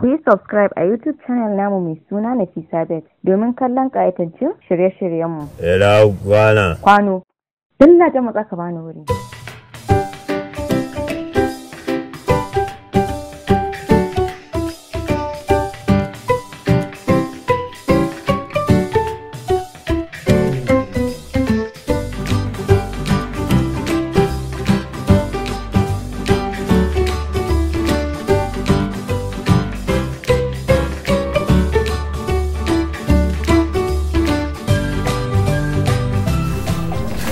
ku yi subscribe a YouTube channel namu mai suna Nafisa Bet domin kallon ƙayatattun shirye-shiryenmu. Ila kwana. Kwano. Dalla matsa ka bani wuri.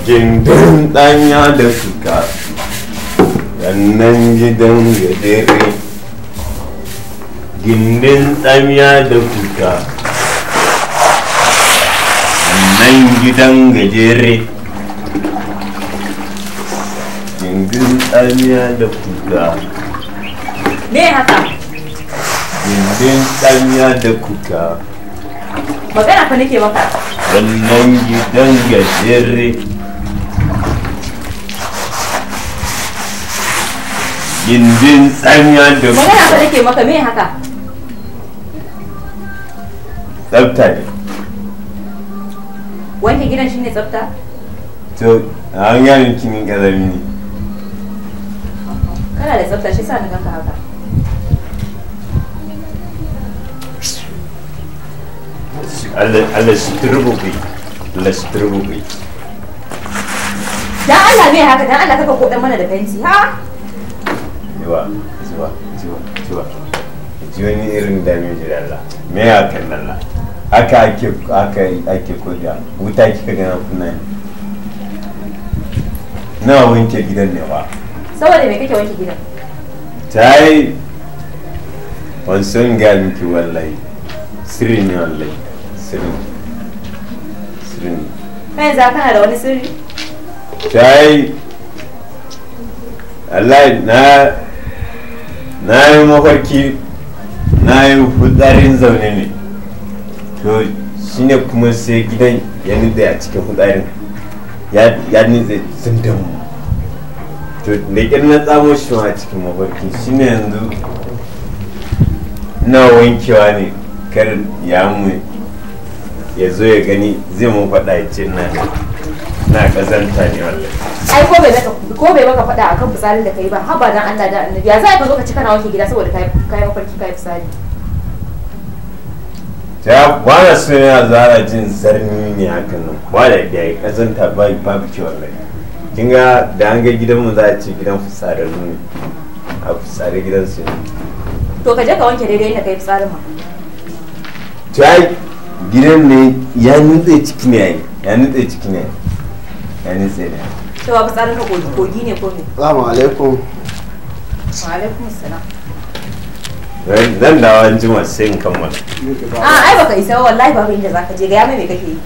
gindin ya da suka wannan gidan gadere gindin ya da suka wannan gidan gajere gindin ya da kuka Ne haka gindin ya da kuka magana fa nake maka wannan gidan gajere gindin tsanya da magana da ke maka me haka tsafta ne wanke gidan ne tsafta to a an yayin kinin kazami ne kana da tsafta shi sa ni ganka haka Allah shi turbo bai Allah shi turbo bai dan Allah me haka dan Allah kaka kodan mana da fenti ha zuwa zuwa zuwa zuwa ji wani irin damiji da Allah me ya kan Allah haka ake haka ake koda wuta kika gana kuna ne na wanke gidan ne ba saboda me kake wanke gidan ta yi wansan ga miki wallahi sirri ne wallahi sirri sirri ne kai za kana da wani sirri ta yi Allah na na yi mafarki na yi hudarin zaune ne to shine kuma sai gidan ya nutse a cikin hudarin ya nutse sun damu to da ƙin na tsamo shi a cikin mafarki shine yanzu na wankewa ne kar ya mu ya zo ya gani zai mun faɗa ya ce na ne na kazanta ne wannan ai ko bai maka ko bai maka faɗa akan fitsarin da kai ba har ba dan Allah da annabi ya za ka zo ka ci kana wanke gida saboda kai kai mafarki kai fitsari ta ba na so yana zara jin zarni ne hakan nan ba da da ya kazanta ba babu ce wallahi kin ga da an ga gidan mu za a ce gidan fitsarin ne a fitsarin gidan su to ka je ka wanke daidai inda kai fitsarin ma ta gidan ne ya nutse ciki ne ya nutse ciki ne ya sai ne cewa ba tsarin kogi kogi ne ko ne salamu alaikum wa alaikum salam zan dawo an jima sai in kammala a ai baka isa ba wallahi babu inda zaka je ga ya me kake yi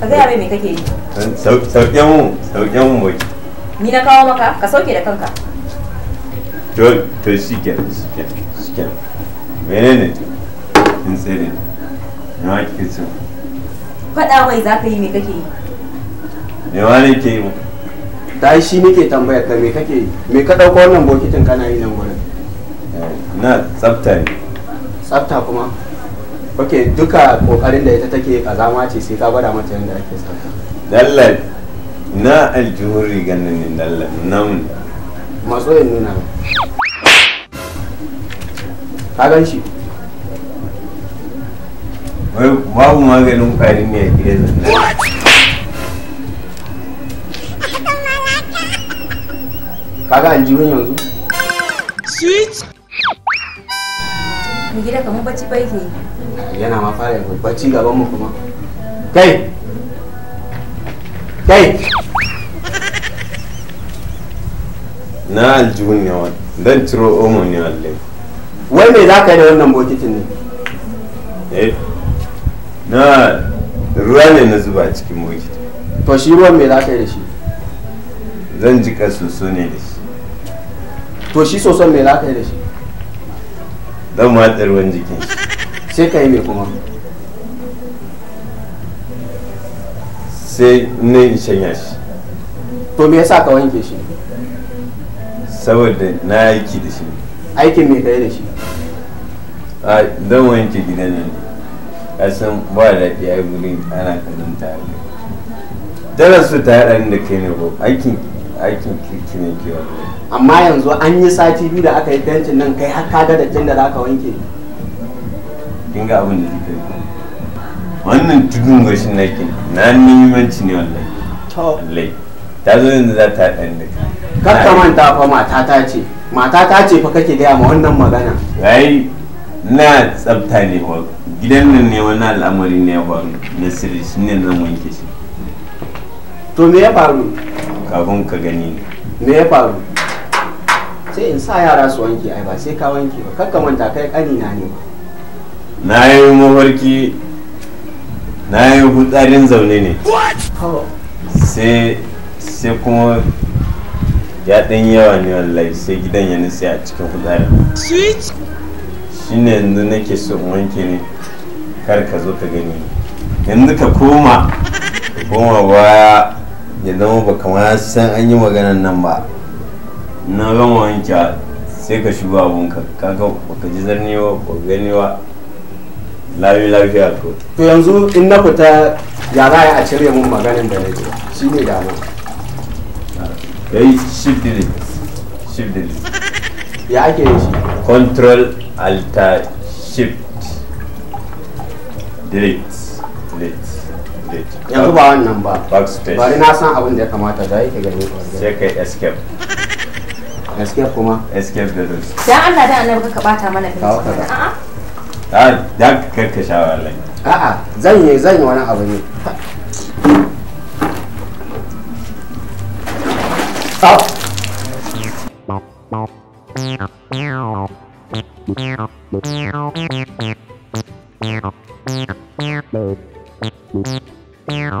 ka ga ya me kake yi sauke mu sauke mu boki ni na kawo maka ka sauke da kanka to to shikenan shikenan shikenan menene in tsere na kike so faɗa mai zaka yi me kake yi me wani ke yi muku ta shi nake tambayar ta me kake yi me ka ɗauko wannan bokitin kana yi nan wurin eh, na tsafta ne tsafta kuma ok duka kokarin da ita take kazama ce sai ka gwada mata yadda ake tsafta dallan na aljihun rigar ne dallan nan yin nuna ka gan shi babu maganin kwari ne a gidan nan kaga aljihun yanzu sweet mu gida kamar bacci bai ne yana ma fara bacci gaban mu kuma kai kai na aljihun ne wani don ciro omo ne wallahi wai me za ka yi da wannan bokitin ne eh na ruwa ne na zuba cikin bokiti to shi ruwan me za ka yi da shi zan jika soso ne da shi to shi soson mai laka da shi zan matsar ruwan jikin shi sai ka yi mai kuma sai ne in shanya shi to me yasa ka wanke shi saboda na aiki da shi aikin me kai da shi a don wanke gidan nan. a san ba da ya yi gurin ana tare darasu ta haɗa da kai ne ko aikin aikin kirki ne ke amma yanzu an yi sati biyu da aka yi fentin nan kai har kaga dattin da za ka wanke dinga abin da kika yi wannan tudun gashin naki na nemanci ne to lai ta zo yanzu za ta haɗa da kar ka manta fa matata ce matata ce fa kake gaya ma wannan magana ai na tsafta ne ba gidan nan ne wani al'amari ne ya faru na sirri shi ne zan wanke shi to me ya faru kafin ka gani me ya faru sai in sa yara su wanke ai ba sai ka wanke ba kakka manta kai kani na ne na yi mafarki na yi hutsarin zaune ne sai sai kuma ya ɗan yawa ne wallahi sai gidan ya nutse a cikin hutsarin shine yanzu nake so in wanke ne kar ka zo ka gani yanzu ka koma koma baya ya zama ba kamar san an yi maganan nan ba na gama wanke sai ka shigo abunka kaga baka ji zarnewa ba ganewa lafi lafiya ko to yanzu in na fita ya za a cire mun maganin da nake shi ne dama ya shift delete shift delete ya ake yin shi control alter shift delete delete yanzu ba wannan ba bari na san abin da ya kamata da yake gani sai kai escape escape kuma escape da dus dan Allah da annabi ka bata mana lokaci a'a a ah, da karka shawara lai a'a zan yi zan yi wani abu ne Meow. Ah. kaga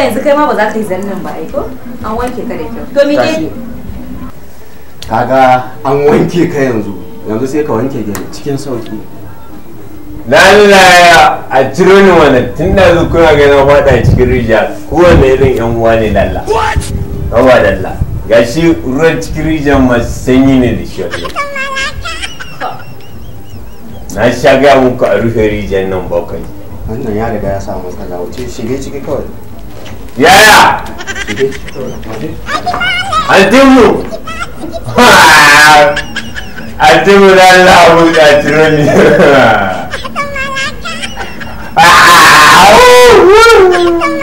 yanzu kai ma ba za ka yi zannin ba aiko an wanke ka da kyau to mi kaga an wanke ka yanzu yanzu sai ka wanke gari cikin sauki lalaya a ciro ni wani tun da zu kuna na fada cikin rijiya kowane irin yan uwa ne lalla yawa lalla gashi ruwan cikin rijiyar masu sanyi ne da shi na sha gaya muku a rufe rijiyar nan bakwai wannan ya riga ya samu matsala wuce shige ciki kawai yaya antimu antimu na lahu da tironi Ah!